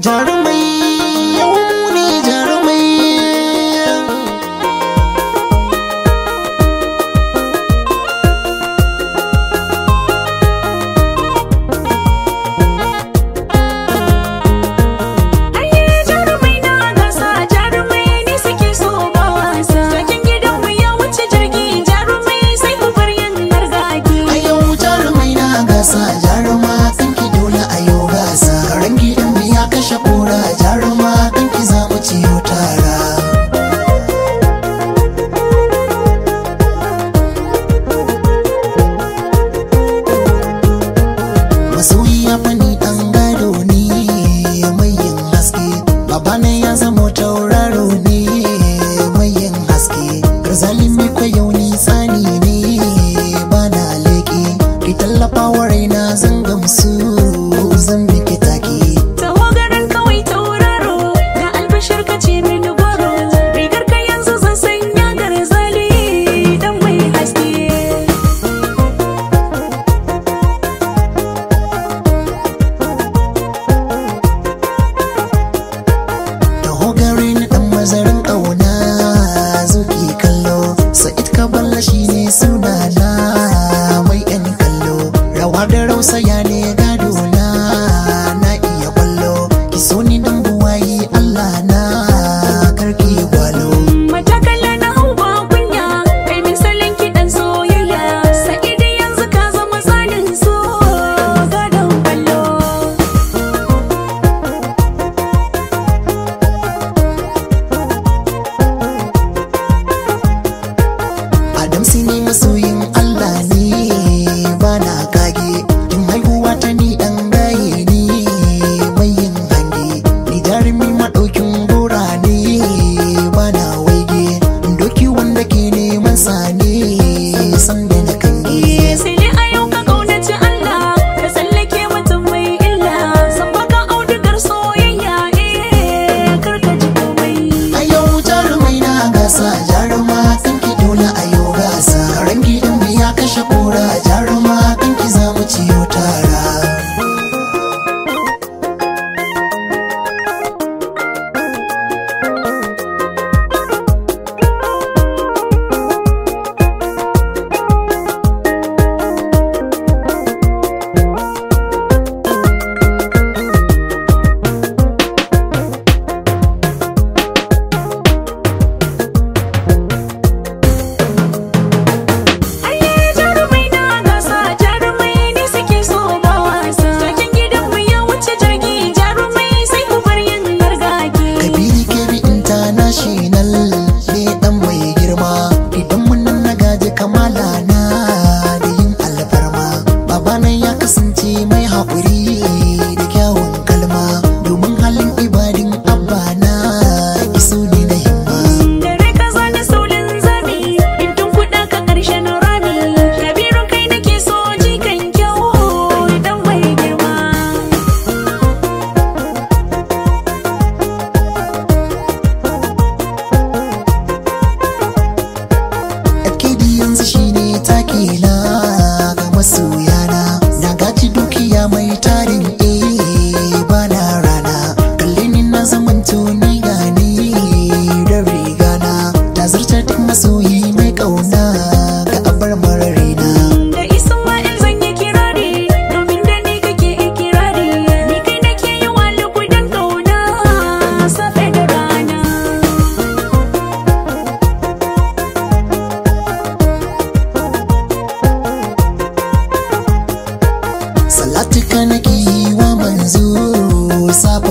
jarumai like you. ka wa yi wa manzo